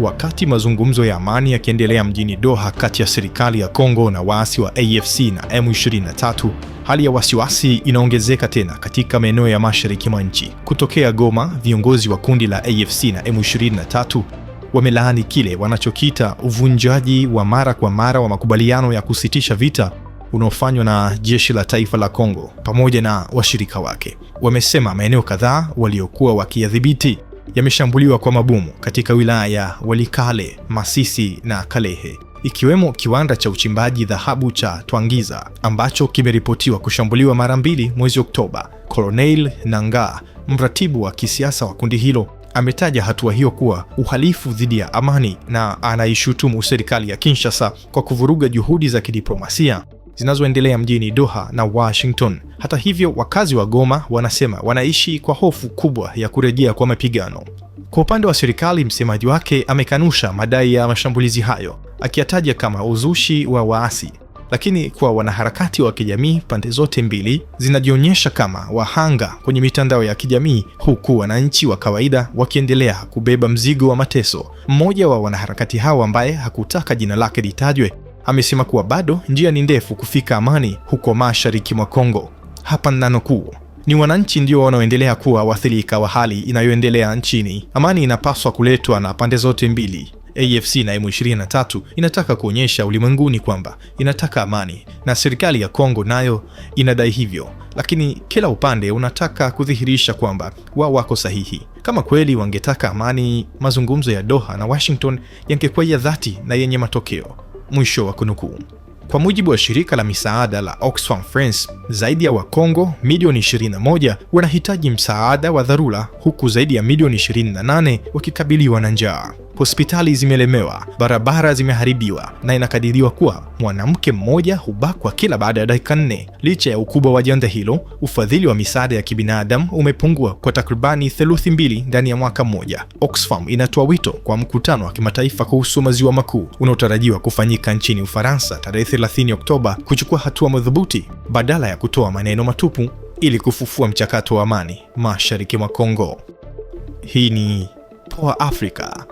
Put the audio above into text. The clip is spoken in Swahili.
Wakati mazungumzo ya amani yakiendelea mjini Doha kati ya serikali ya Kongo na waasi wa AFC na M23, hali ya wasiwasi inaongezeka tena katika maeneo ya mashariki mwa nchi. Kutokea Goma, viongozi wa kundi la AFC na M23 wamelaani kile wanachokiita uvunjaji wa mara kwa mara wa makubaliano ya kusitisha vita unaofanywa na jeshi la taifa la Kongo pamoja na washirika wake. Wamesema maeneo kadhaa waliokuwa wakiyadhibiti yameshambuliwa kwa mabomu katika wilaya ya Walikale, Masisi na Kalehe, ikiwemo kiwanda cha uchimbaji dhahabu cha Twangiza ambacho kimeripotiwa kushambuliwa mara mbili mwezi Oktoba. Colonel Nangaa, mratibu wa kisiasa wa kundi hilo, ametaja hatua hiyo kuwa uhalifu dhidi ya amani na anaishutumu serikali ya Kinshasa kwa kuvuruga juhudi za kidiplomasia zinazoendelea mjini Doha na Washington hata hivyo, wakazi wa Goma wanasema wanaishi kwa hofu kubwa ya kurejea kwa mapigano. Kwa upande wa serikali, msemaji wake amekanusha madai ya mashambulizi hayo, akiyataja kama uzushi wa waasi. Lakini kwa wanaharakati wa kijamii, pande zote mbili zinajionyesha kama wahanga kwenye mitandao ya kijamii, huku wananchi wa kawaida wakiendelea kubeba mzigo wa mateso. Mmoja wa wanaharakati hao ambaye hakutaka jina lake litajwe amesema kuwa bado njia ni ndefu kufika amani huko mashariki mwa Kongo hapa nanukuu, ni wananchi ndio wanaoendelea kuwa wathirika wa hali inayoendelea nchini. Amani inapaswa kuletwa na pande zote mbili. AFC na M23 inataka kuonyesha ulimwenguni kwamba inataka amani, na serikali ya Kongo nayo inadai hivyo, lakini kila upande unataka kudhihirisha kwamba wao wako sahihi. Kama kweli wangetaka amani, mazungumzo ya Doha na Washington yangekuwa ya dhati na yenye matokeo. Mwisho wa kunukuu. Kwa mujibu wa shirika la misaada la Oxfam France, zaidi ya Wakongo milioni 21 wanahitaji msaada wa dharura huku zaidi ya milioni 28 wakikabiliwa na njaa hospitali zimelemewa, barabara zimeharibiwa na inakadiriwa kuwa mwanamke mmoja hubakwa kila baada ya dakika nne. Licha ya ukubwa wa janga hilo, ufadhili wa misaada ya kibinadamu umepungua kwa takribani theluthi mbili ndani ya mwaka mmoja. Oxfam inatoa wito kwa mkutano wa kimataifa kuhusu maziwa makuu unaotarajiwa kufanyika nchini Ufaransa tarehe 30 Oktoba kuchukua hatua madhubuti badala ya kutoa maneno matupu ili kufufua mchakato wa amani mashariki mwa Kongo. Hii ni Poa Afrika.